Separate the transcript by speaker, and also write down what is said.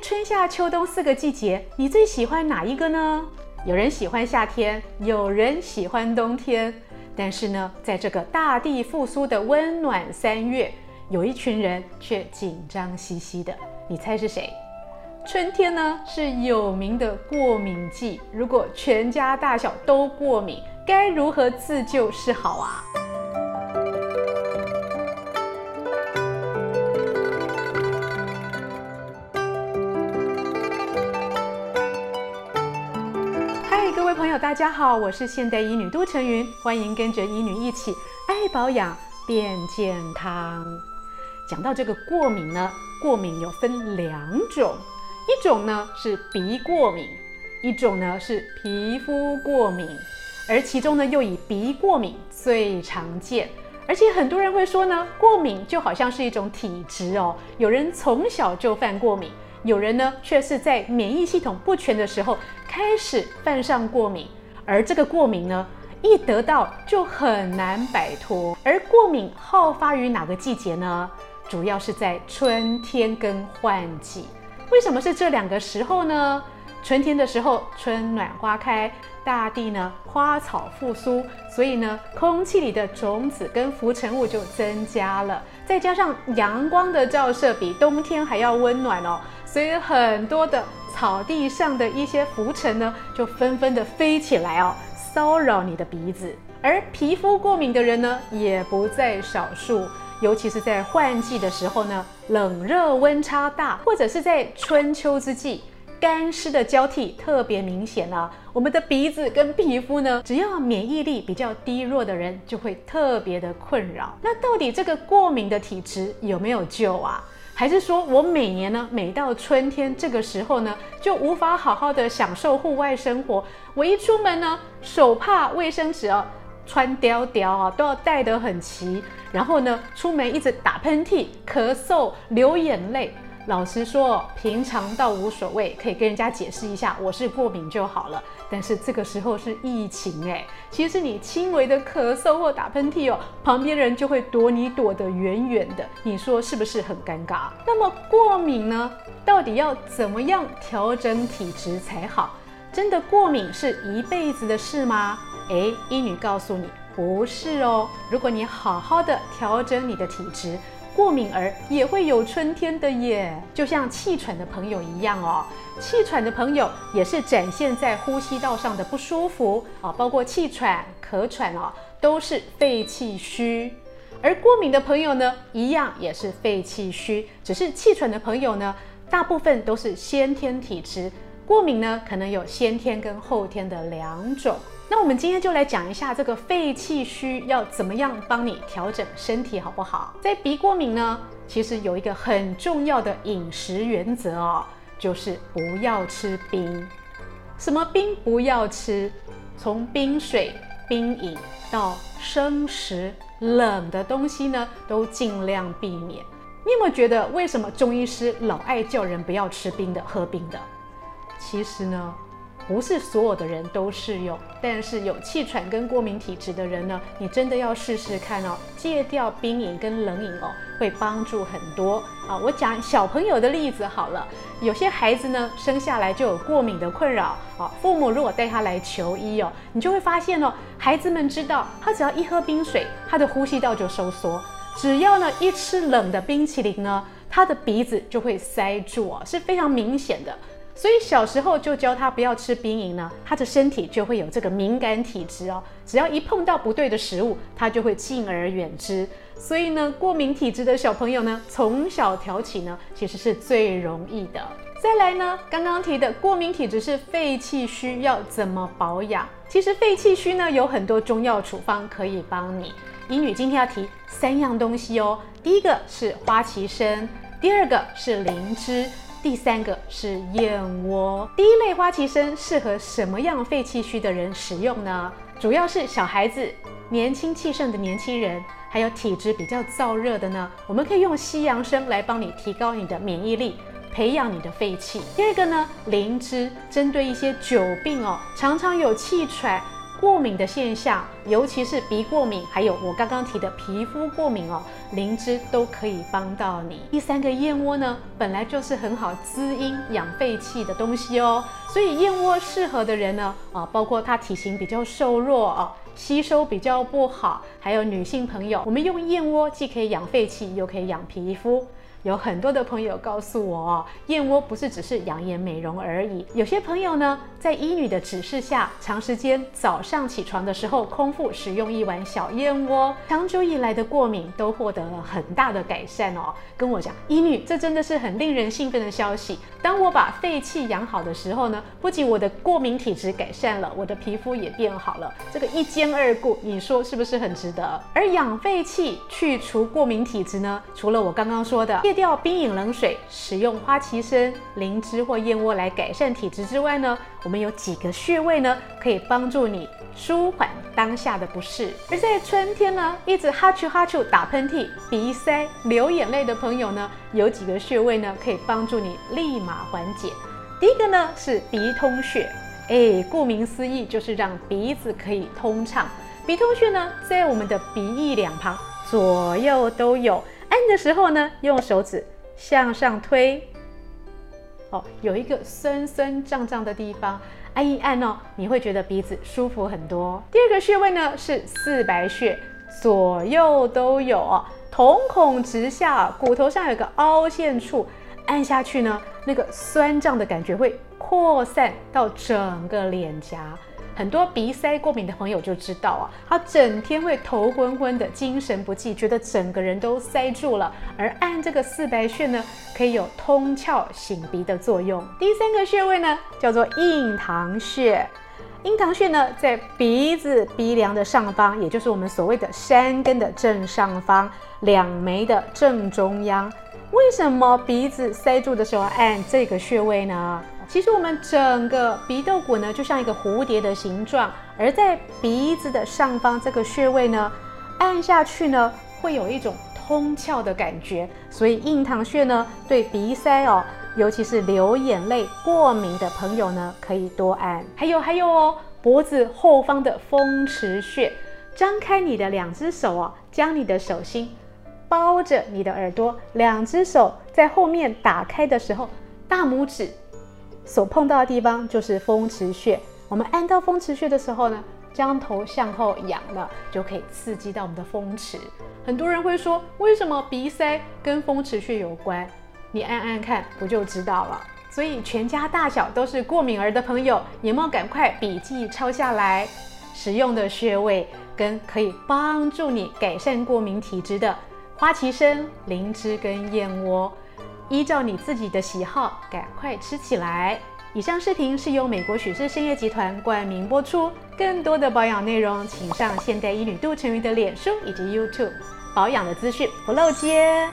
Speaker 1: 春夏秋冬四個季節，你最喜歡哪一個呢？有人喜歡夏天，有人喜歡冬天，但是呢，在這個大地復甦的溫暖三月，有一群人卻緊張兮兮的，你猜是誰？春天呢是有名的過敏季，如果全家大小都過敏，該如何自救是好啊？各位朋友，大家好，我是現代醫女杜成雲，歡迎跟着醫女一起愛保養變健康。講到這個過敏呢，過敏有分兩種，一種呢是鼻過敏，一種呢是皮膚過敏，而其中呢又以鼻過敏最常見，而且很多人會說呢，過敏就好像是一種體質哦，有人從小就犯過敏。有人呢，卻是在免疫系統不全的時候開始犯上過敏，而這個過敏呢，一得到就很難擺脫。而過敏好發於哪個季節呢？主要是在春天跟換季。為什麼是這兩個時候呢？春天的時候，春暖花開，大地呢花草復甦，所以呢空氣裡的種子跟浮塵物就增加了。再加上陽光的照射比冬天還要溫暖哦，所以很多的草地上的一些浮塵呢就紛紛的飛起來哦，騷擾你的鼻子。而皮膚過敏的人呢也不在少數，尤其是在換季的時候呢，冷熱溫差大，或者是在春秋之際。乾濕的交替特別明顯了，啊，我們的鼻子跟皮膚呢，只要免疫力比較低弱的人，就會特別的困擾。那到底這個過敏的體質有沒有救啊？還是說我每年呢，每到春天這個時候呢，就無法好好的享受戶外生活？我一出門呢，手帕、衛生紙啊、穿貂貂啊，都要帶得很齊。然後呢，出門一直打噴嚏、咳嗽、流眼淚。老實說，平常倒無所謂，可以跟人家解釋一下我是過敏就好了。但是這個時候是疫情誒，其實你輕微的咳嗽或打噴嚏哦，旁邊人就會躲你躲得遠遠的，你說是不是很尷尬？那麼過敏呢，到底要怎麼樣調整體質才好？真的過敏是一輩子的事嗎？誒，醫女告訴你，不是哦。如果你好好的調整你的體質。過敏兒也會有春天的耶，就像氣喘的朋友一樣哦。氣喘的朋友也是展現在呼吸道上的不舒服啊，包括氣喘、咳喘哦，都是肺氣虛。而過敏的朋友呢，一樣也是肺氣虛，只是氣喘的朋友呢，大部分都是先天體質，過敏呢可能有先天跟後天的兩種。那我們今天就來講一下這個肺氣虛要怎麼樣幫你調整身體，好不好？在鼻過敏呢，其實有一個很重要的飲食原則哦，就是不要吃冰。什麼冰不要吃？從冰水、冰飲到生食、冷的東西呢，都盡量避免。你有沒有覺得為什麼中醫師老愛叫人不要吃冰的、喝冰的？其實呢，不是所有的人都適用，但是有氣喘跟過敏體質的人呢，你真的要試試看哦。戒掉冰飲跟冷飲哦，會幫助很多。啊，我講小朋友的例子好了。有些孩子呢，生下來就有過敏的困擾。啊，父母如果帶他來求醫哦，你就會發現哦，孩子們知道他只要一喝冰水，他的呼吸道就收縮；只要呢一吃冷的冰淇淋呢，他的鼻子就會塞住哦，是非常明顯的。所以小時候就教他不要吃冰飲呢，他的身體就會有這個敏感體質哦。只要一碰到不對的食物，他就會敬而遠之。所以呢，過敏體質的小朋友呢，從小調起呢，其實是最容易的。再來呢，剛剛提的過敏體質是肺氣虛，要怎麼保養？其實肺氣虛呢，有很多中藥處方可以幫你。醫女今天要提三樣東西哦，第一個是花旗參，第二個是靈芝。第三個是燕窩，第一類花旗參適合什麼樣肺氣虛的人食用呢？主要是小孩子、年輕氣盛的年輕人，還有體質比較燥熱的呢。我們可以用西洋參來幫你提高你的免疫力，培養你的肺氣。第二個呢，靈芝針對一些久病哦，常常有氣喘。過敏的現象，尤其是鼻過敏，還有我剛剛提的皮膚過敏哦，靈芝都可以幫到你。第三個燕窩呢，本來就是很好滋陰養肺氣的東西哦，所以燕窩適合的人呢，啊，包括他體型比較瘦弱哦，啊，吸收比較不好，還有女性朋友，我們用燕窩既可以養肺氣，又可以養皮膚。有很多的朋友告訴我哦，燕窩不是只是養顏美容而已。有些朋友呢，在醫女的指示下，長時間早上起床的時候空腹食用一碗小燕窩，長久以來的過敏都獲得了很大的改善哦。跟我講，醫女，這真的是很令人興奮的消息。當我把肺氣養好的時候呢，不僅我的過敏體質改善了，我的皮膚也變好了。這個一兼二顧，你說是不是很值得？而養肺氣、去除過敏體質呢，除了我剛剛說的。掉冰飲冷水，使用花旗參、靈芝或燕窩來改善體質之外呢，我們有幾個穴位呢，可以幫助你舒緩當下的不適。而在春天呢，一直哈啾哈啾、打噴嚏、鼻塞、流眼淚的朋友呢，有幾個穴位呢，可以幫助你立馬緩解。第一個呢是鼻通穴，哎，顧名思義就是讓鼻子可以通暢。鼻通穴呢，在我們的鼻翼兩旁，左右都有。按的時候呢，用手指向上推，哦，有一個酸酸脹脹的地方，按一按哦，你會覺得鼻子舒服很多。第二個穴位呢，是四白穴，左右都有哦，瞳孔直下，骨頭上有一個凹陷處，按下去呢，那個酸脹的感覺會擴散到整個臉頰。很多鼻塞過敏的朋友就知道啊，他整天會頭昏昏的，精神不濟，覺得整個人都塞住了。而按這個四白穴呢，可以有通竅醒鼻的作用。第三個穴位呢，叫做印堂穴。印堂穴呢，在鼻子鼻梁的上方，也就是我們所謂的山根的正上方，兩眉的正中央。為什麼鼻子塞住的時候按這個穴位呢？其實我們整個鼻竇骨呢，就像一個蝴蝶的形狀，而在鼻子的上方這個穴位呢，按下去呢，會有一種通竅的感覺。所以印堂穴呢，對鼻塞哦，尤其是流眼淚、過敏的朋友呢，可以多按。還有還有哦，脖子後方的風池穴，張開你的兩隻手哦，將你的手心包着你的耳朵，兩隻手在後面打開的時候，大拇指。所碰到的地方就是風池穴。我們按到風池穴的時候呢，將頭向後仰了，就可以刺激到我們的風池。很多人會說，為什麼鼻塞跟風池穴有關？你按按看，不就知道了。所以，全家大小都是過敏兒的朋友，你們趕快筆記抄下來，使用的穴位跟可以幫助你改善過敏體質的花旗參、靈芝跟燕窩。依照你自己的喜好，趕快吃起來。以上視頻是由美國許氏蔘業集團冠名播出。更多的保養內容，請上現代醫女杜丞蕓的臉書以及 YouTube。保養的資訊不漏接。